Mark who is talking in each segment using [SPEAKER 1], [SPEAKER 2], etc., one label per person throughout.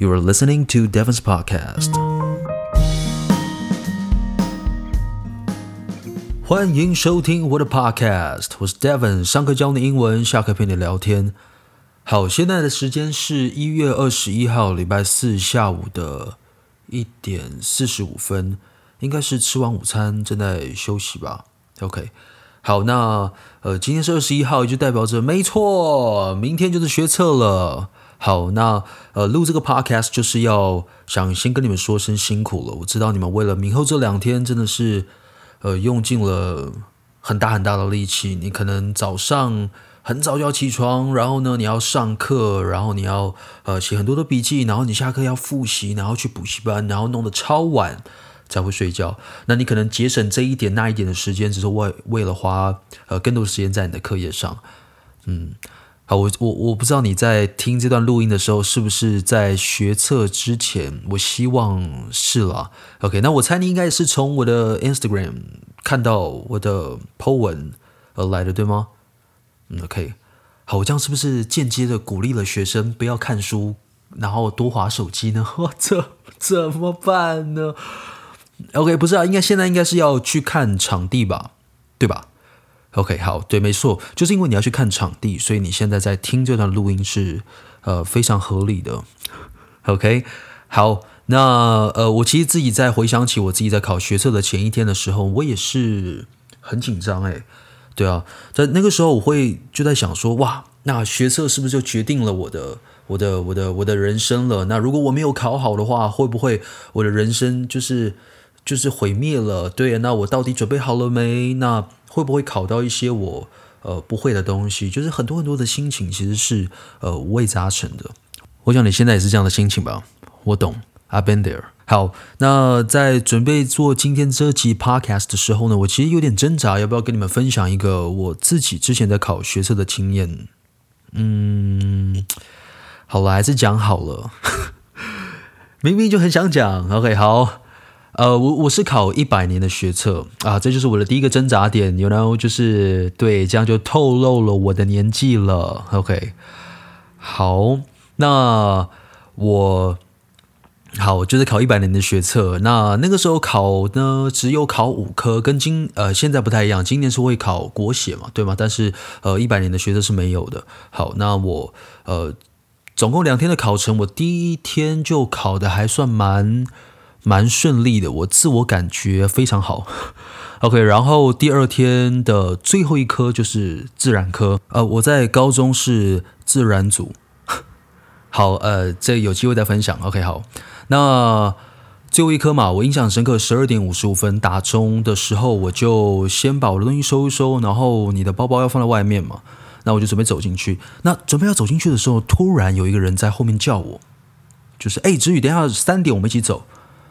[SPEAKER 1] You are listening to Devon's podcast. 歡迎收聽我的 podcast，我是 Devon。上課教你英文，下課陪你聊天。好，現在的時間是一月二十一號禮拜四下午的一點四十五分，應該是吃完午餐正在休息吧？OK，好，那呃，今天是二十一號，就代表着沒錯，明天就是學測了。好，那呃，錄這個 podcast 就是要想先跟你們說聲辛苦了。我知道你們為了明後這兩天真的是呃用盡了很大很大的力氣。你可能早上很早就要起床，然後呢，你要上課，然後你要呃寫很多的筆記，然後你下課要複習，然後去補習班，然後弄得超晚才會睡覺。那你可能節省這一點那一點的時間，只是為為了花呃更多時間在你的課業上，嗯。.好，我我我不知道你在聽這段錄音的時候是不是在學測之前，我希望是了。OK，那我猜你應該也是從我的 Instagram 看到我的 po 文而來的，對嗎？嗯，OK。好，我這樣是不是間接的鼓勵了學生不要看書，然後多滑手機呢？我這怎麼辦呢？OK，不是啊，應該現在應該是要去看場地吧，對吧？OK，好，對，沒錯，就是因為你要去看場地，所以你現在在聽這段錄音是，呃，非常合理的。OK，好，那呃，我其實自己在回想起我自己在考學測的前一天的時候，我也是很緊張哎、欸，對啊，在那個時候我會就在想說，哇，那學測是不是就決定了我的我的我的我的人生了？那如果我沒有考好的話，會不會我的人生就是？就是毀滅了，對。那我到底準備好了沒？那會不會考到一些我呃不會的東西？就是很多很多的心情，其實是呃五味雜陳的。我想你現在也是這樣的心情吧？我懂，I've been there。好，那在準備做今天這期 Podcast 的時候呢，我其實有點掙扎，要不要跟你們分享一個我自己之前在考學測的經驗？嗯，好了，還是講好了。 明明就很想講，OK，好。呃，我我是考一百年的學測啊，這就是我的第一個掙扎點，you know，就是對，這樣就透露了我的年紀了。OK，好，那我好，就是考一百年的學測。那那個時候考呢，只有考五科，跟今呃現在不太一樣，今年是會考國寫嘛，對嗎？但是呃，一百年的學測是沒有的。好，那我呃，總共兩天的考程，我第一天就考的還算蠻。蠻順利的，我自我感覺非常好。 OK，然後第二天的最後一科就是自然科。呃，我在高中是自然組。 好，呃，這有機會再分享。OK，好，那最後一科嘛，我印象深刻。十二點五十五分打鐘的時候，我就先把我的東西收一收，然後你的包包要放在外面嘛。那我就準備走進去。那準備要走進去的時候，突然有一個人在後面叫我，就是哎，子宇，等下三點我們一起走。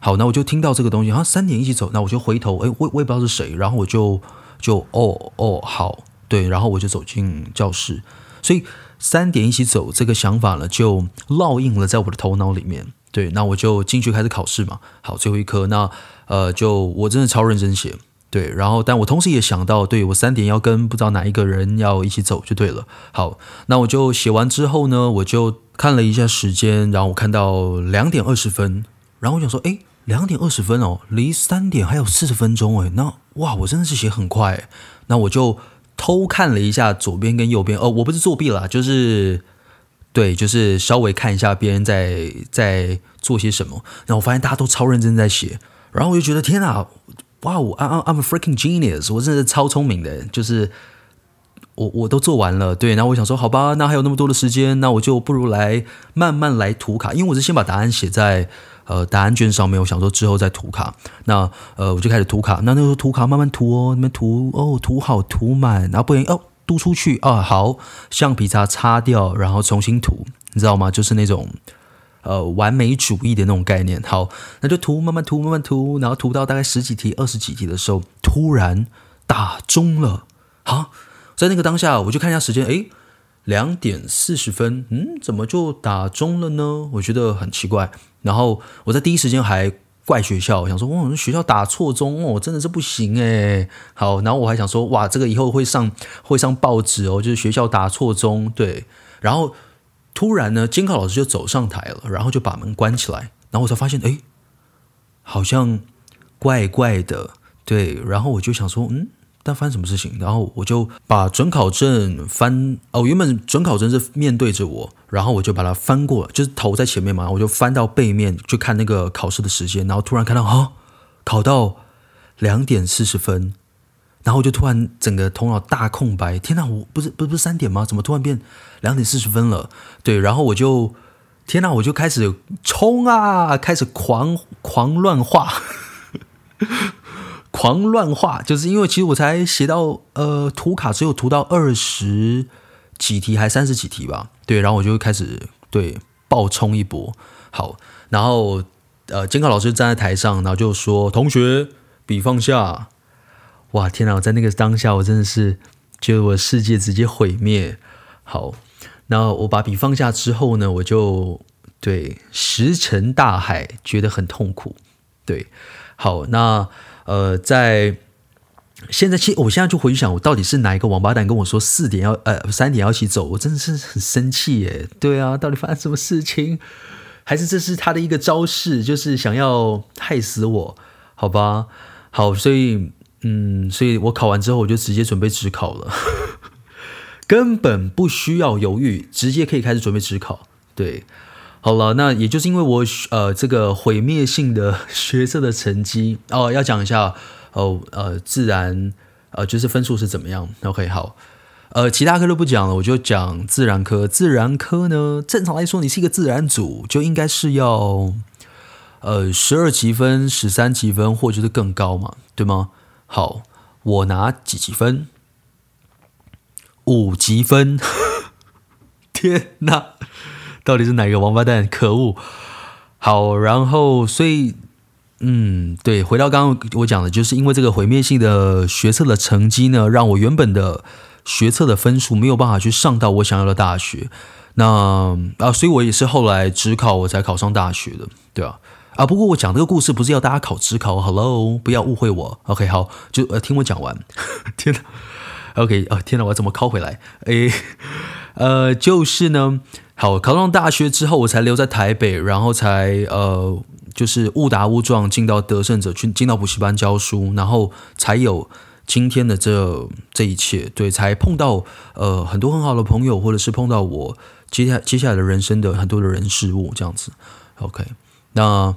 [SPEAKER 1] 好，那我就聽到這個東西，好像三點一起走，那我就回頭，哎，我我也不知道是誰，然後我就就哦哦好，對，然後我就走進教室，所以三點一起走這個想法呢，就烙印了在我的頭腦裡面，對，那我就進去開始考試嘛，好，最後一科，那呃，就我真的超認真寫，對，然後但我同時也想到，對我三點要跟不知道哪一個人要一起走就對了，好，那我就寫完之後呢，我就看了一下時間，然後我看到兩點二十分，然後我想說，哎。兩點二十分哦，離三點還有四十分鐘哎，那哇，我真的是寫很快，那我就偷看了一下左邊跟右邊，哦，我不是作弊了，就是對，就是稍微看一下別人在在做些什麼，然後我發現大家都超認真在寫，然後我就覺得天啊，哇，我 I'm, I'm a freaking genius，我真的是超聰明的，就是。我我都做完了，對，然後我想說，好吧，那還有那麼多的時間，那我就不如來慢慢來塗卡，因為我是先把答案寫在呃答案卷上面，我想說之後再塗卡。那呃我就開始塗卡，那那時候塗卡慢慢塗哦，你們塗哦，塗好塗滿，然後不然哦塗出去啊、哦，好，橡皮擦擦掉，然後重新塗，你知道嗎？就是那種呃完美主義的那種概念。好，那就塗，慢慢塗，慢慢塗，然後塗到大概十幾題、二十幾題的時候，突然打鐘了，好。在那個當下，我就看一下時間，哎，兩點四十分，嗯，怎麼就打鐘了呢？我覺得很奇怪。然後我在第一時間還怪學校，我想說，哇，學校打錯鐘哦，真的是不行哎。好，然後我還想說，哇，這個以後會上會上報紙哦，就是學校打錯鐘。對，然後突然呢，監考老師就走上台了，然後就把門關起來，然後我才發現，哎，好像怪怪的，對。然後我就想說，嗯。在翻什麼事情，然後我就把准考證翻哦，原本准考證是面對着我，然後我就把它翻過，就是頭在前面嘛，我就翻到背面去看那個考試的時間，然後突然看到啊、哦，考到兩點四十分，然後我就突然整個頭腦大空白，天吶，我不是不是不是三點嗎？怎麼突然變兩點四十分了？對，然後我就天吶，我就開始衝啊，開始狂狂亂畫。 狂亂畫，就是因為其實我才寫到呃塗卡，只有塗到二十幾題還三十幾題吧，對，然後我就開始對爆衝，一波。好，然後呃監考老師站在台上，然後就說：“同學，筆放下。”哇，天啊，我在那個當下，我真的是覺得我的世界直接毀滅。好，那我把筆放下之後呢，我就對石沉大海，覺得很痛苦。對。好，那呃，在現在，其實我現在就回去想，我到底是哪一個王八蛋跟我說四點要呃三點要一起走？我真的是很生氣耶！對啊，到底發生什麼事情？還是這是他的一個招式，就是想要害死我？好吧，好，所以嗯，所以我考完之後我就直接準備指考了， 根本不需要猶豫，直接可以開始準備指考。對。好了，那也就是因為我呃這個毀滅性的學測的成績哦，要講一下哦呃自然呃就是分數是怎麼樣？OK 好，呃其他科都不講了，我就講自然科。自然科呢，正常來說你是一個自然組，就應該是要呃十二級分、十三級分或者是更高嘛，對嗎？好，我拿幾級分？五級分？ 天哪！到底是哪一個王八蛋？可惡！好，然後所以，嗯，對，回到剛剛我講的，就是因為這個毀滅性的學測的成績呢，讓我原本的學測的分數沒有辦法去上到我想要的大學。那啊，所以我也是後來指考我才考上大學的，對吧、啊？啊，不過我講這個故事不是要大家考指考，Hello，不要誤會我。OK，好，就、呃、聽我講完。 天哪！OK，哦天哪，我要怎麼考回來？誒，呃，就是呢，好，考上大學之後，我才留在台北，然後才呃，就是誤打誤撞進到得勝者去，進到補習班教書，然後才有今天的這這一切，對，才碰到呃很多很好的朋友，或者是碰到我接下接下來的人生的很多的人事物這樣子。OK，那。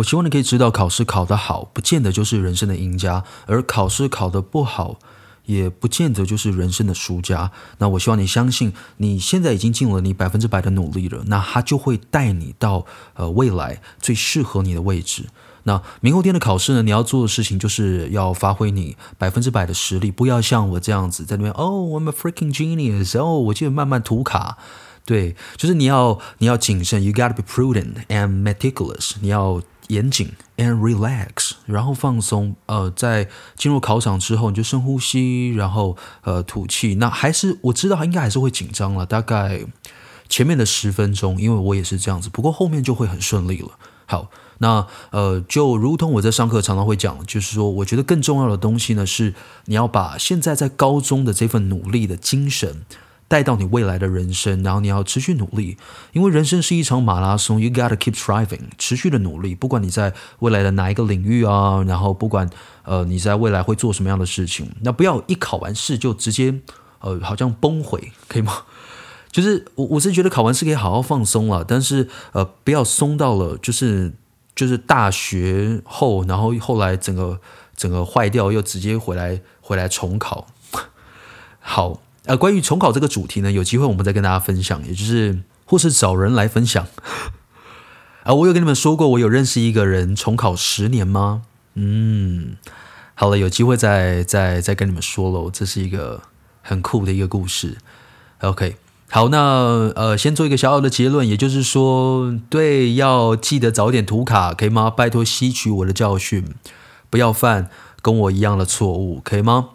[SPEAKER 1] 我希望你可以知道，考試考得好，不見得就是人生的贏家；而考試考得不好，也不見得就是人生的輸家。那我希望你相信，你現在已經盡了你百分之百的努力了，那他就會帶你到呃未來最適合你的位置。那明後天的考試呢，你要做的事情就是要發揮你百分之百的實力，不要像我這樣子在那邊哦、oh，I'm a freaking genius 哦、oh，我就慢慢塗卡。對，就是你要你要謹慎，you gotta be prudent and meticulous。你要嚴謹 and relax，然後放鬆。呃，在進入考場之後，你就深呼吸，然後呃吐氣。那還是我知道應該還是會緊張了。大概前面的十分鐘，因為我也是這樣子，不過後面就會很順利了。好，那呃，就如同我在上課常常會講，就是說，我覺得更重要的東西呢，是你要把現在在高中的這份努力的精神。帶到你未來的人生，然後你要持續努力，因為人生是一場馬拉松，You gotta keep striving，持續的努力。不管你在未來的哪一個領域啊，然後不管呃你在未來會做什麼樣的事情，那不要一考完試就直接呃好像崩潰，可以嗎？就是我我是覺得考完試可以好好放鬆了，但是呃不要鬆到了就是就是大學後，然後後來整個整個壞掉，又直接回來回來重考， 好。呃，關於重考這個主題呢，有機會我們再跟大家分享，也就是或是找人來分享。啊、 呃，我有跟你們說過，我有認識一個人重考十年嗎？嗯，好了，有機會再再再跟你們說嘍，這是一個很酷的一個故事。OK，好，那呃，先做一個小小的結論，也就是說，對，要記得早點塗卡，可以嗎？拜託，吸取我的教訓，不要犯跟我一樣的錯誤，可以嗎？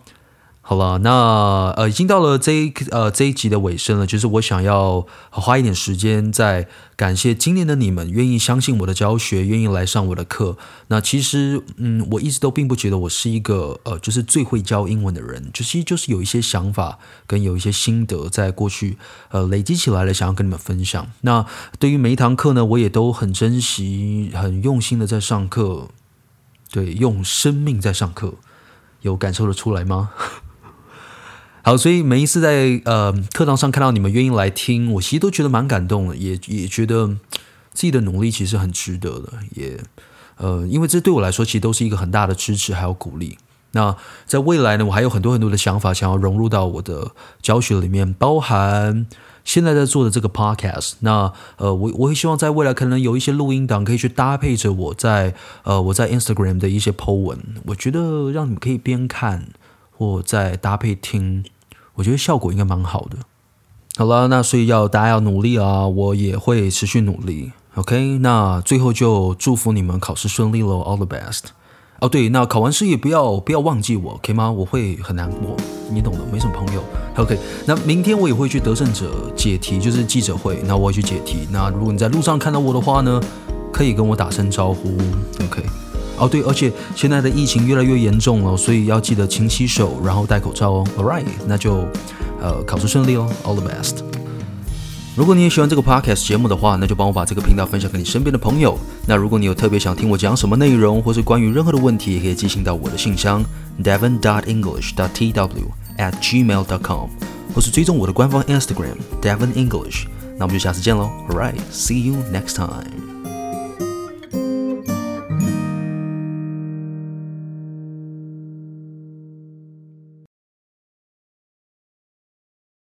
[SPEAKER 1] 好了，那呃，已經到了這一呃，這一集的尾聲了，就是我想要花一點時間，再感謝今年的你們，願意相信我的教學，願意來上我的課。那其實，嗯，我一直都並不覺得我是一個呃，就是最會教英文的人，就是就是有一些想法跟有一些心得，在過去呃累積起來了，想要跟你們分享。那對於每一堂課呢，我也都很珍惜，很用心的在上課，對，用生命在上課，有感受得出來嗎？好，所以每一次在呃課堂上看到你們願意來聽，我其實都覺得蠻感動的，也也覺得自己的努力其實很值得的，也呃，因為這對我來說其實都是一個很大的支持還有鼓勵。那在未來呢，我還有很多很多的想法想要融入到我的教學裡面，包含現在在做的這個 podcast。那呃，我我也希望在未來可能有一些錄音檔可以去搭配着我在呃我在 Instagram 的一些 Po 文，我覺得讓你們可以邊看或再搭配聽。我覺得效果應該蠻好的。好了，那所以要大家要努力啊，我也會持續努力。OK，那最後就祝福你們考試順利嘍，All the best。哦，對，那考完試也不要不要忘記我，OK 嗎？我會很難過，你懂的，沒什麼朋友。OK，那明天我也會去得勝者解題，就是記者會，那我也去解題。那如果你在路上看到我的話呢，可以跟我打聲招呼。OK。哦，oh, 對，而且現在的疫情越來越嚴重了，所以要記得勤洗手，然後戴口罩哦。All right，那就呃考試順利哦，All the best。如果你也喜歡這個 podcast 節目的話，那就幫我把這個頻道分享給你身邊的朋友。那如果你有特別想聽我講什麼內容，或是關於任何的問題，也可以寄信到我的信箱 devin dot english dot tw at gmail dot com，或是追蹤我的官方 Instagram，Devin English。那我們就下次見嘍。All right，see you next time。